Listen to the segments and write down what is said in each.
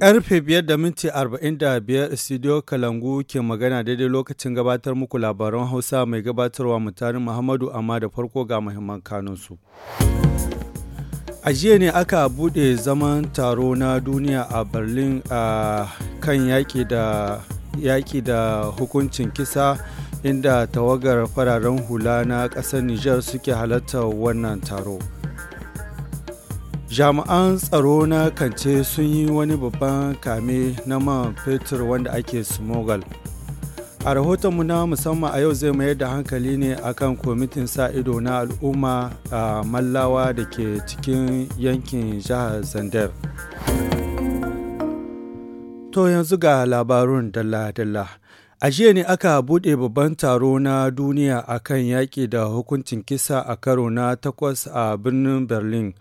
Karfe biyar da minti arba'in Studio Kalangu ke magana daidai lokacin gabatar muku labaran Hausa mai gabatarwa mutanen Muhammadu amma da farko ga muhimman kanunsu. A jiya ne aka bude zaman taro na duniya a Berlin a kan yaƙi da Yaki da hukuncin kisa inda tawagar fararen hula na ƙasar Nijar suke halatta wannan taro. jami'an tsaro na kance sun yi wani babban kame na man fetur wanda ake smuggle a rahotonmu na musamman a yau zai mayar da hankali ne akan kwamitin sa ido na al'umma a mallawa da ke cikin yankin jihar zandar To yanzu ga labarun dalla-dalla. A jiya ne aka buɗe babban taro na duniya a kan yaƙi da hukuncin kisa a karo na takwas a birnin Berlin.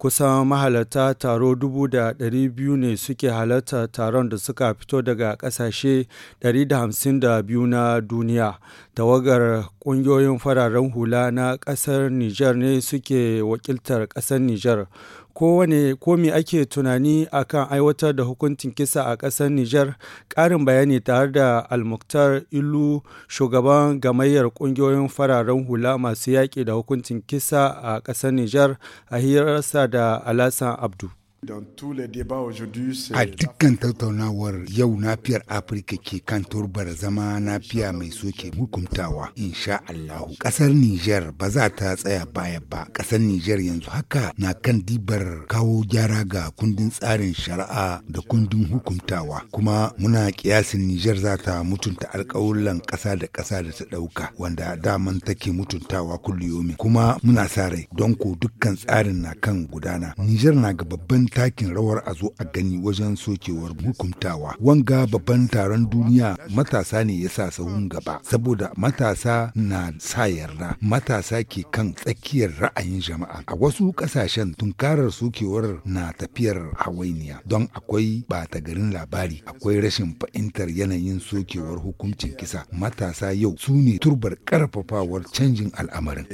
Kusan mahalarta taro dubu da ɗari biyu ne suke halarta taron da suka fito daga ƙasashe ɗari da hamsin da biyu na duniya. Tawagar ƙungiyoyin fararen hula na ƙasar Nijar ne suke wakiltar ƙasar Nijar. kowane ko ake tunani akan aiwatar da hukuncin kisa a ƙasar Nijar ƙarin bayani tare da Almuktar Ilu shugaban gamayyar ƙungiyoyin fararen hula masu yaƙi da hukuncin kisa a ƙasar Nijar a hirarsa da Alasan Abdu. A dukkan tattaunawar yau nafiyar Afirka ke kan turbar zama nafiya mai soke hukuntawa insha Allahu. ƙasar Nijar ba za ta tsaya baya ba. ƙasar Nijar yanzu haka na kan dibar kawo gyara ga kundin tsarin shari'a da kundin hukuntawa. Kuma muna kiyasin Nijar za ta mutunta alkawulan ƙasa da ƙasa da ta ɗauka wanda daman take mutuntawa kulliyomi. Kuma muna sa rai don ko dukkan tsarin na kan gudana. Nijar na ga babban takin rawar a zo a gani wajen sokewar hukuntawa. Wanga babban taron duniya matasa ne ya sa sahun gaba saboda matasa na sa yarda matasa ke kan tsakiyar ra'ayin jama'a. A wasu ƙasashen tunkarar sokewar na tafiyar hawainiya don akwai ɓata garin labari akwai rashin fahimtar yanayin sokewar hukuncin kisa matasa yau su ne turbar ƙarfafawar canjin al'amarin.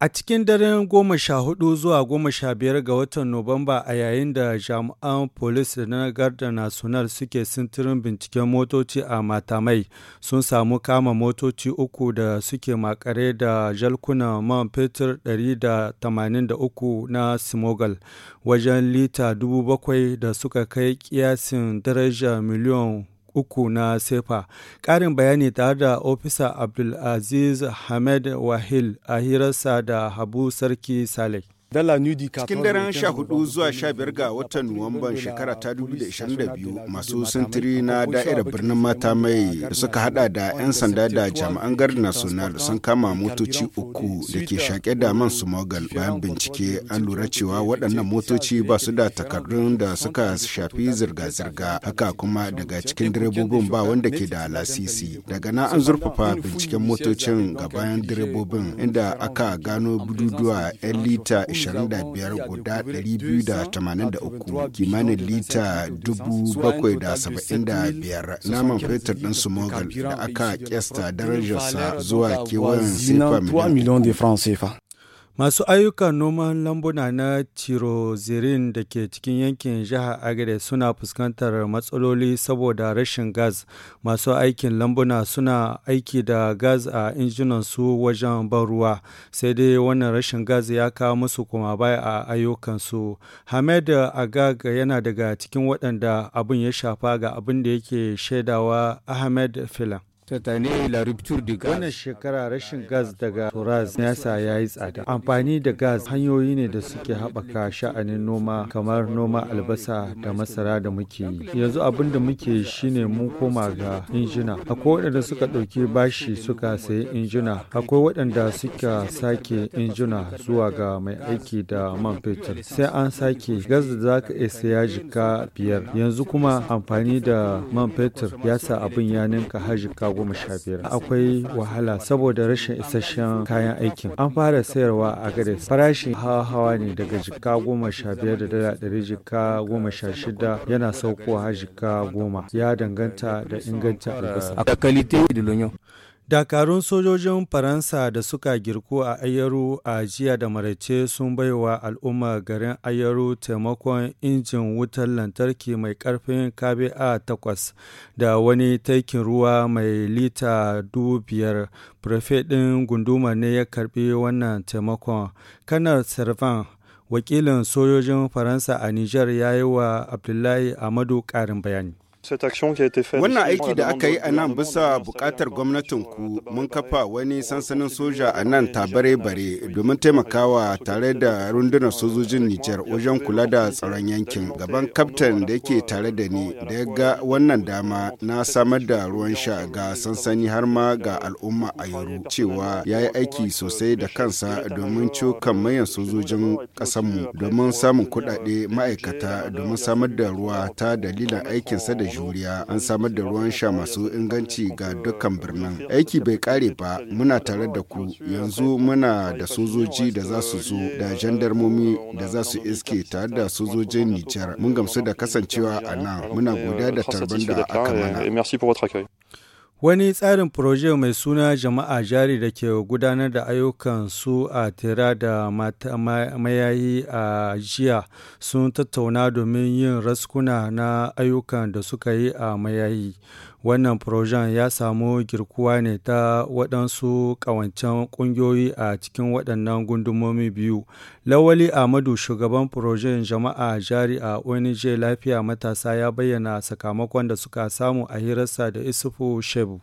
A cikin daren goma sha hudu zuwa goma sha biyar ga watan Nuwamba a yayin da jami'an polis da na garda national suke sintirin binciken motoci a matamai sun samu kama motoci uku da suke makare da jalkuna man fetur 183 na simogal wajen lita 7,000 da suka kai kiyasin daraja miliyan uku na sefa ƙarin bayani tare da ofisa abdulaziz hamed wahil a hirarsa da habu sarki saleh Dala Cikin daren 14 zuwa 15 ga watan Nuwamban shekara ta 2022 masu sintiri na da'irar birnin mata mai da suka hada da 'yan sanda da jami'an gar national sun kama motoci uku da ke shaƙe da man mogal bayan bincike an lura cewa waɗannan motoci ba su da takardun da suka shafi zirga-zirga haka kuma daga cikin direbobin ba wanda ke da lasisi daga na an zurfafa binciken motocin ga bayan direbobin inda aka gano bududuwa 'yan lita 25 guda 283 kimanin lita 775 naman fetur ɗin sumogal da aka kyasta darajarsa zuwa kewayen sefa miliyan Masu ayyukan noman lambuna na Tirozirin da ke cikin yankin jihar Agade suna fuskantar matsaloli saboda rashin gas. Masu aikin lambuna suna aiki da gas a injinansu wajen ban ruwa, sai dai wannan rashin gas ya kawo musu kuma baya a ayyukansu. Hamed Agag yana daga cikin waɗanda abin ya shafa ga abin da yake shaidawa Ahmed Filan. Wannan shekara rashin gas daga Turaz yasa ya yi tsada. Amfani da gas hanyoyi ne da suke haɓaka sha'anin noma kamar noma albasa da masara da muke yi. Yanzu abin da muke yi shine mun koma ga injina. Akwai waɗanda suka ɗauki bashi suka sayi injina. Akwai waɗanda suka sake injina zuwa ga mai aiki da man fetur. Sai an sake gas da zaka ka iya saya jika biyar. Yanzu kuma amfani da man fetur ya sa abin ya ninka har jika goma sha biyar akwai wahala saboda rashin isasshen kayan aikin an fara sayarwa a gare farashin hawa-hawa ne daga jika goma sha biyar da dala ɗari jika goma sha shida yana saukowa jika goma ya danganta da inganta albasa Dakarun sojojin Faransa da suka girku a Ayaru a jiya da maraice sun baiwa al'umma garin Ayaru taimakon injin wutar lantarki mai ƙarfin a takwas da wani taikin ruwa mai lita biyar. Prefet ɗin gunduma ne ya karɓi wannan taimakon. Kanar Servan, wakilin sojojin Faransa a Nijar ya yi wa Abdullahi Amadu ƙarin bayani. Wannan aiki da aka yi a nan bisa gwamnatin gwamnatinku mun kafa wani sansanin soja a nan tabare-bare domin taimakawa tare da rundunar sojojin Nijar wajen kula da tsaron yankin. Gaban kaftan da yake tare da ni da ya ga wannan dama na samar da ruwan sha ga sansani har ma ga al'umma a yaro cewa ya yi aiki sosai da kansa domin cokan mayan sojojin kasanmu domin samun kuɗaɗe ma'aikata domin samar da ruwa ta dalilin aikinsa da juriya an samar da ruwan sha masu inganci ga dukkan birnin aiki bai kare ba muna tare da ku yanzu muna da sojoji da za su zo da jandarmomi da za su iske tare da sojojin nijar mun gamsu da kasancewa a nan muna godiya da tarban da aka mana Wani tsarin Proje mai suna Jama'a Jari da ke gudanar da ayyukan su a tira da mayayi a jiya sun tattauna domin yin raskuna na ayyukan da suka yi a mayayi. Wannan projan ya samu girkuwa ne ta waɗansu ƙawancen ƙungiyoyi a cikin waɗannan gundumomi biyu. Lawali Amadu shugaban furojen jama'a jari a ONG Lafiya Matasa ya bayyana sakamakon da suka samu a hirarsa da Isufu Shebu.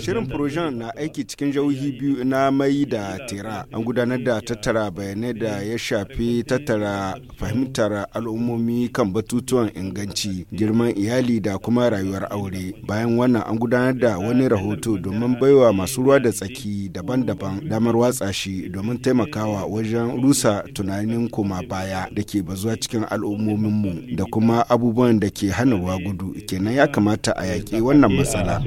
Shirin Projan na aiki cikin jauhi biyu na mai da tera. An gudanar da tattara bayanai da ya shafi tattara fahimtar al'ummomi kan batutuwan inganci, girman iyali da kuma rayuwar aure. Bayan wannan an gudanar da wani rahoto domin baiwa masu ruwa da tsaki daban-daban damar watsa shi domin taimakawa wajen rusa tunanin koma baya da ke bazuwa cikin al'ummominmu da kuma abubuwan da ke hana gudu kenan ya kamata a yaƙi wannan matsala.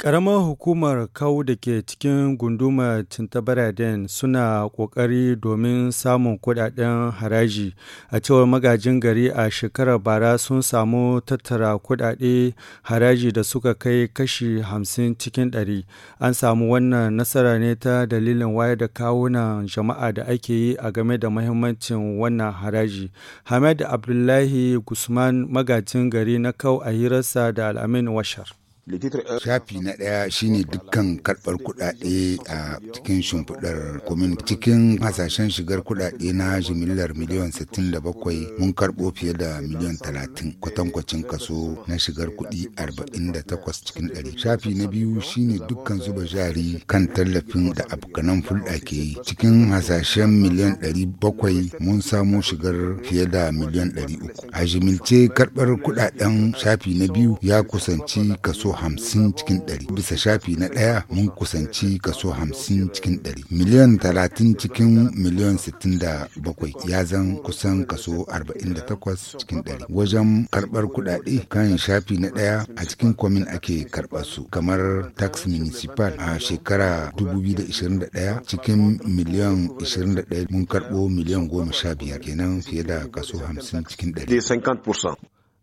Ƙaramar hukumar kau da ke cikin gundumar tintabaraden suna ƙoƙari domin samun kuɗaɗen haraji. A cewar magajin gari a shekarar bara sun samu tattara kudade haraji da suka kai kashi hamsin cikin ɗari. An samu wannan nasara ne ta dalilin wayar da kawunan jama'a da ake yi a game da mahimmancin wannan haraji. Hamad Abdullahi Gusman magajin gari na kau a hirarsa da Al'amin Washar. Shafi na ɗaya shine dukkan karɓar kudade a cikin shimfidar komin cikin hasashen shigar kudade na jimillar miliyan 67 mun karɓo fiye da miliyan 30 kwatankwacin kaso na shigar kuɗi 48 cikin 100. Shafi na biyu shine dukkan zuba jari kan tallafin da afganan fulda ke yi. Cikin hasashen miliyan 700 mun samo shigar fiye da miliyan 300. A jimilce karɓar kudaden shafi na biyu ya kusanci kaso hamsin cikin ɗari bisa shafi na ɗaya mun kusanci kaso hamsin cikin ɗari miliyan talatin cikin miliyan sittin da bakwai ya zan kusan kaso arba'in da takwas cikin ɗari wajen karɓar kuɗaɗe kan shafi na ɗaya a cikin kwamin ake karɓar su kamar tax municipal a shekara dubu biyu da da ishirin ɗaya cikin miliyan 21 mun karɓo miliyan biyar. kenan fiye da kaso hamsin cikin ɗari.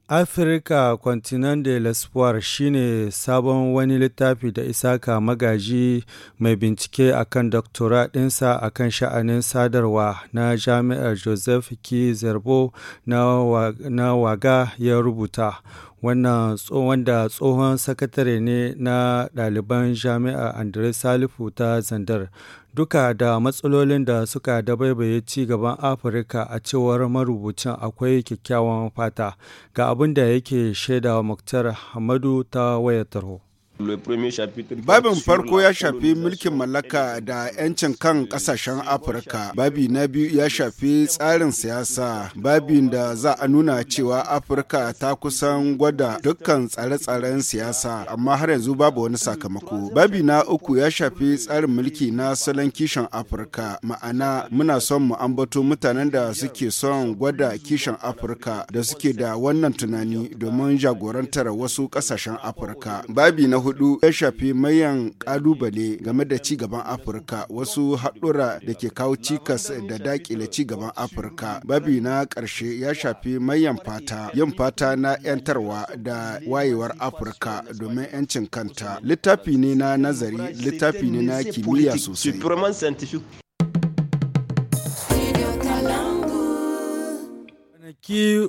Afirka Continent de l'Espoir shine sabon wani littafi da Isaka Magaji mai bincike akan doktora ɗinsa akan sha'anin sadarwa na Jami'ar Joseph K. Zerbo na Waga ya rubuta, wannan tsohon da tsohon sakatare ne na ɗaliban jami'a andre salifu ta zandar duka da matsalolin da suka dabaibaye ci gaban afirka a cewar marubucin akwai kyakkyawan fata ga abin da yake shaida muktar hamadu ta wayar tarho Babin farko ya shafi mulkin mallaka da 'yancin kan kasashen Afirka. Babi na biyu ya shafi tsarin siyasa. Babin da za a nuna cewa Afirka ta kusan gwada dukkan tsare-tsaren siyasa, amma har yanzu babu wani sakamako. Babi na uku ya shafi tsarin mulki na salon kishin Afirka. Ma'ana muna son mu ambato mutanen da suke son gwada kishin Afirka da suke da wannan tunani domin jagorantar wasu kasashen Afirka. Babi na hudu ya shafi mayan kalubale game da ci gaban Afirka wasu haɗura da ke kawo cikas da dakile ci gaban Afirka. Babi na ƙarshe ya shafi mayan fata, yin fata na 'yantarwa da wayewar Afirka domin 'yancin kanta. Littafi ne na nazari, littafi ne na kimiyya sosai.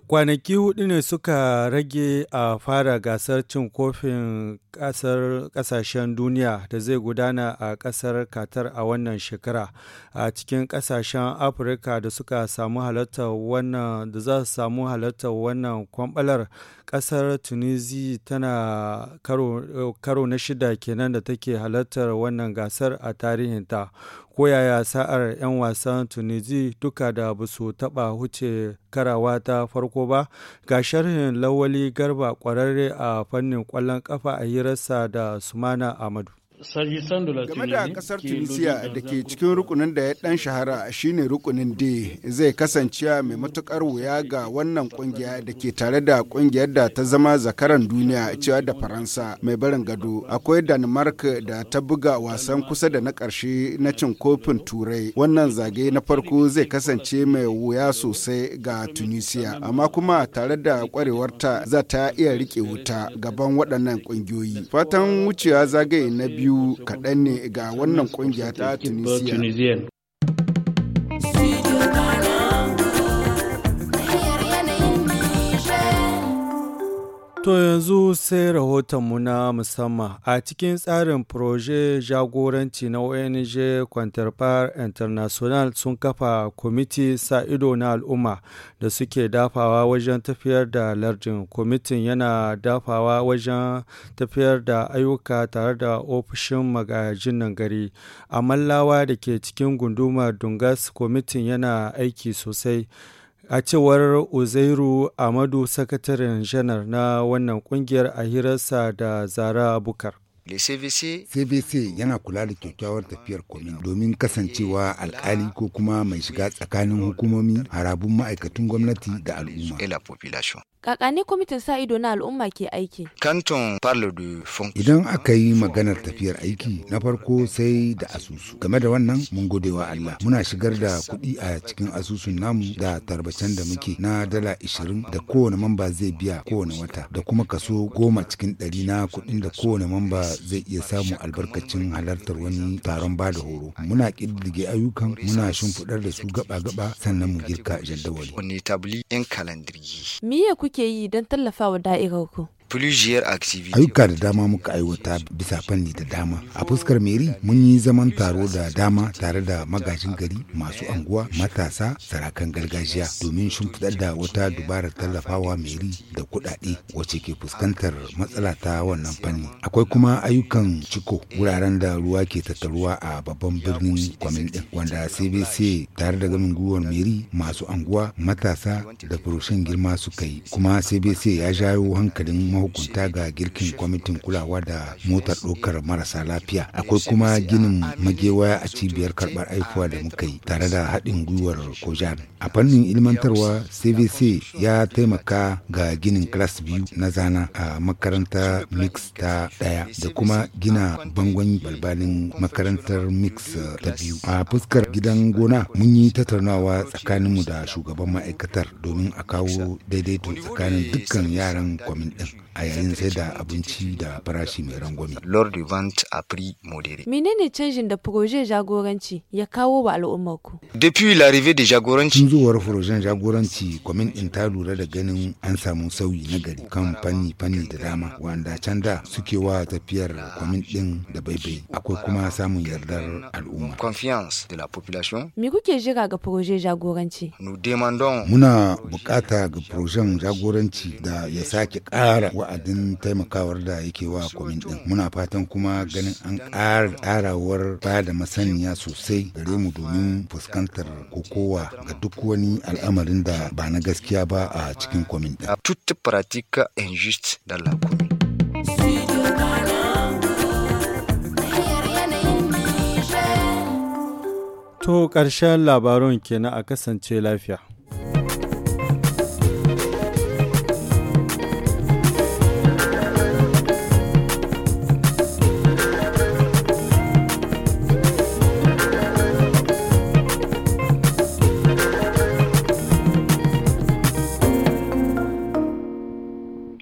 kwanaki hudu ne suka rage a fara gasar cin kofin Ƙasar ƙasashen duniya da zai gudana a ƙasar katar a wannan shekara. A cikin ƙasashen Afirka da suka samu halartar wannan da za su samu halartar wannan kwambalar ƙasar Tunisia tana karo, na shida kenan da take halartar wannan gasar a tarihinta. koyaya sa'ar 'yan wasan tunisi duka da ba su taɓa huce karawa ta farko ba ga sharhin lawali garba kwararre a fannin ƙwallon ƙafa a hira hirarsa da Sumana Ahmadu. game da kasar tunisia da ke cikin rukunin da ya dan shahara shine rukunin d zai kasance mai matukar wuya ga wannan kungiya da ke tare da kungiyar da ta zama zakaran duniya cewa da faransa mai barin gado akwai danmark da ta buga wasan kusa da na karshe na cin kofin turai wannan zagaye na farko zai kasance mai wuya sosai ga tunisia amma kuma tare da kwarewarta za ta iya rike wuta gaban waɗannan kungiyoyi fatan wucewa zagaye na biyu biyu kaɗan ne ga wannan ƙungiya ta tunisia To yanzu sai rahotonmu na musamman a cikin tsarin Proje jagoranci na ONG Quantarpar International sun kafa kwamiti sa ido na al'umma da suke dafawa wajen tafiyar da lardin. Kwamitin yana dafawa wajen tafiyar da ayyuka tare da ofishin magajin nan gari. A mallawa da ke cikin gundumar Dungas kwamitin yana aiki sosai. A cewar Uzairu Amadu sakataren janar na wannan kungiyar a hirarsa da Zara Bukar. CBC yana kula da kyakkyawar tafiyar komin domin kasancewa alkali ko kuma mai shiga tsakanin hukumomi harabun ma'aikatan gwamnati da al'umma. Kakani kwamitin sa ido na al'umma ke aiki. Kanton Idan aka yi maganar tafiyar aiki na farko sai da asusu. Game da wannan mun gode wa Allah. Muna shigar da kuɗi a cikin asusun namu da tarbacen da muke na dala ishirin da kowane mamba zai biya kowane wata da kuma kaso goma cikin ɗari na kuɗin da kowane mamba zai iya samu albarkacin halartar wani taron ba da horo. Muna ƙididdige ayyukan muna shimfiɗar da su gaba-gaba sannan mu girka jadawali. Miye kuke kuke yi don tallafawa da'irar ku? ayyuka da dama muka aiwata bisa fanni da dama a fuskar meri mun yi zaman taro da dama tare da magajin gari masu anguwa matasa sarakan gargajiya domin shimfiɗar da wata dubarar tallafawa meri da kuɗaɗe wace ke fuskantar matsala ta wannan fanni akwai kuma ayyukan ciko wuraren da ruwa ke tattaruwa a babban birnin kwamin din wanda cbc tare da gamin gwiwar meri masu anguwa matasa da furushin girma suka yi kuma cbc ya jawo hankalin mahukunta ga girkin kwamitin kulawa da motar ɗaukar marasa lafiya akwai kuma ginin magewa a cibiyar karɓar aifuwa da muka yi tare da haɗin gwiwar kojan a fannin ilmantarwa cvc ya taimaka ga ginin class biyu na zana a makaranta mix ta ɗaya da kuma gina bangon balbalin makarantar mix ta biyu a fuskar gidan gona mun yi tattaunawa tsakaninmu da shugaban ma'aikatar domin a kawo daidaito tsakanin dukkan yaran kwamin a yayin sai da abinci da farashi mai rangwame. Lord Vant a Modere. Menene canjin da Proje Jagoranci ya kawo wa al'ummar ku? Depuis l'arrivée de Jagoranci. Tun zuwar Proje Jagoranci, kwamin in ta lura da ganin an samu sauyi na gari kan fanni fanni da dama wanda can da suke wa tafiyar kwamin din da baibai. Akwai kuma samun yardar al'umma. Confiance de la population. Me kuke jira ga Proje Jagoranci? Nous demandons. Muna bukata ga Proje Jagoranci da ya sake ƙara wa wa'adin taimakawar da yake wa kwamin din muna fatan kuma ganin an karawar ba da masaniya sosai gare mu domin fuskantar kokowa ga duk wani al'amarin da ba na gaskiya ba a cikin kwamin din toute la To ƙarshen labarun kenan a kasance lafiya.